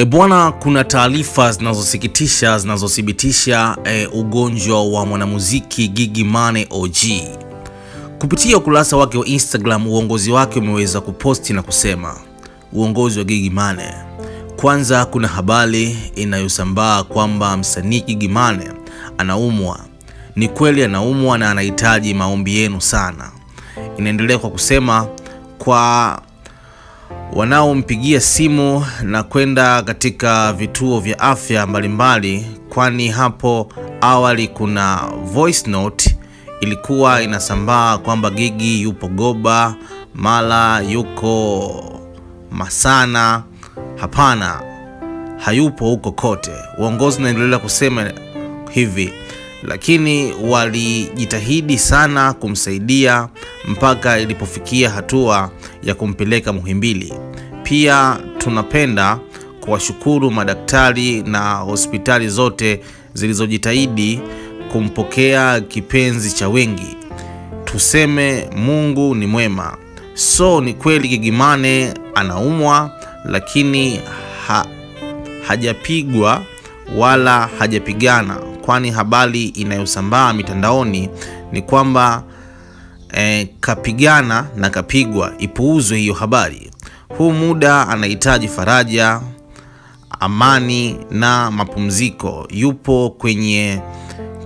E bwana, kuna taarifa zinazosikitisha zinazothibitisha e, ugonjwa wa mwanamuziki Gigy Money OG. Kupitia ukurasa wake wa Instagram, uongozi wake umeweza kuposti na kusema, uongozi wa Gigy Money. Kwanza kuna habari inayosambaa kwamba msanii Gigy Money anaumwa. Ni kweli anaumwa na anahitaji maombi yenu sana. Inaendelea kwa kusema kwa wanaompigia simu na kwenda katika vituo vya afya mbalimbali, kwani hapo awali kuna voice note ilikuwa inasambaa kwamba Gigi yupo Goba, mala yuko Masana. Hapana, hayupo huko kote. Uongozi unaendelea kusema hivi lakini walijitahidi sana kumsaidia mpaka ilipofikia hatua ya kumpeleka Muhimbili. Pia tunapenda kuwashukuru madaktari na hospitali zote zilizojitahidi kumpokea kipenzi cha wengi. Tuseme Mungu ni mwema. So ni kweli Gigimane anaumwa, lakini ha, hajapigwa wala hajapigana kwani habari inayosambaa mitandaoni ni kwamba e, kapigana na kapigwa. Ipuuzwe hiyo habari. Huu muda anahitaji faraja, amani na mapumziko. Yupo kwenye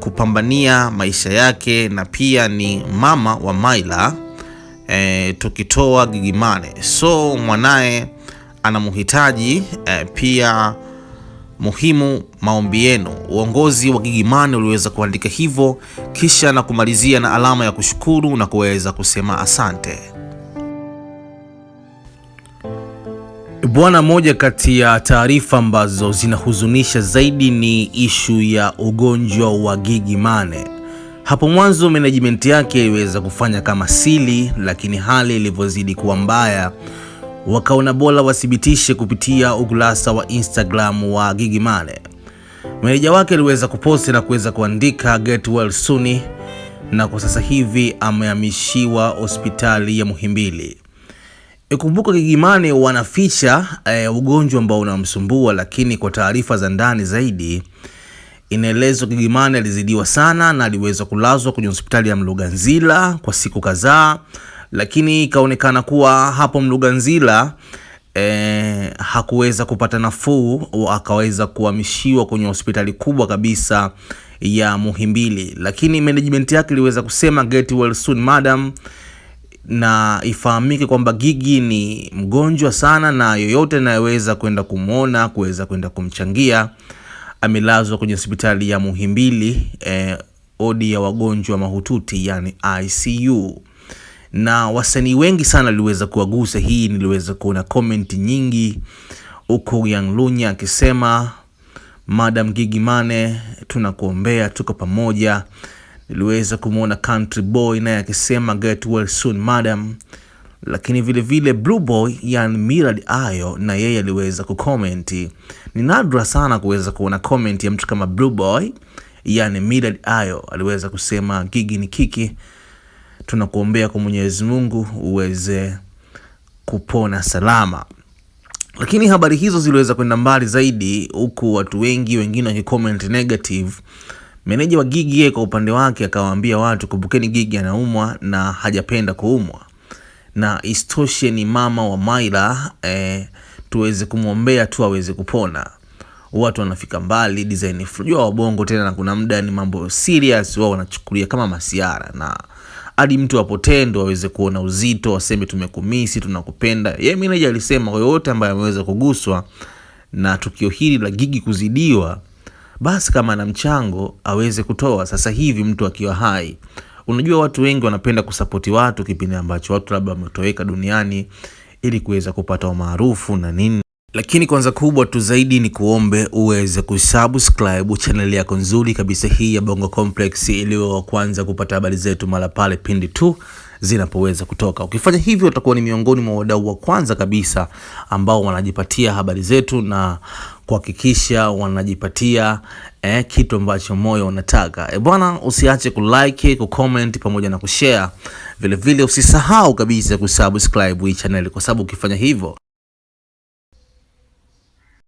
kupambania maisha yake na pia ni mama wa Maila e, tukitoa Gigimane, so mwanaye anamhitaji e, eh, pia muhimu maombi yenu. Uongozi wa Gigimani uliweza kuandika hivyo, kisha na kumalizia na alama ya kushukuru na kuweza kusema asante. Bwana, moja kati ya taarifa ambazo zinahuzunisha zaidi ni ishu ya ugonjwa wa Gigimane. Hapo mwanzo management yake iliweza kufanya kama sili lakini hali ilivyozidi kuwa mbaya wakaona bora wathibitishe kupitia ukurasa wa Instagram wa Gigy Money. Meneja wake aliweza kuposti na kuweza kuandika get well soon, na kwa sasa hivi amehamishiwa hospitali ya Muhimbili. Ikumbuka Gigy Money wanaficha e, eh, ugonjwa ambao unamsumbua, lakini kwa taarifa za ndani zaidi inaelezwa Gigy Money alizidiwa sana na aliweza kulazwa kwenye hospitali ya Mloganzila kwa siku kadhaa lakini ikaonekana kuwa hapo Mloganzila E, eh, hakuweza kupata nafuu, akaweza kuhamishiwa kwenye hospitali kubwa kabisa ya Muhimbili, lakini management yake iliweza kusema get well soon madam, na ifahamike kwamba Gigi ni mgonjwa sana, na yoyote anayeweza kwenda kumwona kuweza kwenda kumchangia. Amelazwa kwenye hospitali ya Muhimbili e, eh, odi ya wagonjwa mahututi yani ICU na wasanii wengi sana liweza kuwagusa. Hii niliweza kuona komenti nyingi huku Young Lunya akisema Madam Gigimane tunakuombea, tuko pamoja. Niliweza kumwona Country Boy naye akisema get well soon madam, lakini vile vile Blue Boy yan Mirad Ayo na yeye aliweza kukomenti. Ni nadra sana kuweza kuona comment ya mtu kama Blue Boy yan Mirad Ayo aliweza kusema Gigi ni kiki tunakuombea kwa Mwenyezi Mungu uweze kupona salama. Lakini habari hizo ziliweza kwenda mbali zaidi, huku watu wengi wengine wakicomment negative. Meneja wa Gigi kwa upande wake akawaambia watu, kumbukeni Gigi anaumwa na hajapenda kuumwa, na istoshe ni mama wa Maila eh, tuweze kumwombea tu aweze kupona. Watu wanafika mbali design, jua wabongo tena, na kuna muda ni mambo serious wao wanachukulia kama masiara na hadi mtu apotendo aweze kuona uzito, waseme tumekumisi, tunakupenda. ye meneja alisema yoyote ambaye ameweza kuguswa na tukio hili la gigi kuzidiwa, basi kama ana mchango aweze kutoa. Sasa hivi mtu akiwa hai, unajua watu wengi wanapenda kusapoti watu kipindi ambacho watu labda wametoweka duniani ili kuweza kupata umaarufu na nini. Lakini kwanza kubwa tu zaidi ni kuombe uweze kusubscribe channel yako nzuri kabisa hii ya Bongo Complex ili wa kwanza kupata habari zetu mara pale pindi tu zinapoweza kutoka. Ukifanya hivyo, utakuwa ni miongoni mwa wadau wa kwanza kabisa ambao wanajipatia habari zetu na kuhakikisha wanajipatia eh, kitu ambacho moyo unataka. E bwana, usiache kulike, kucomment pamoja na kushare. Vilevile usisahau kabisa kusubscribe hii channel kwa sababu ukifanya hivyo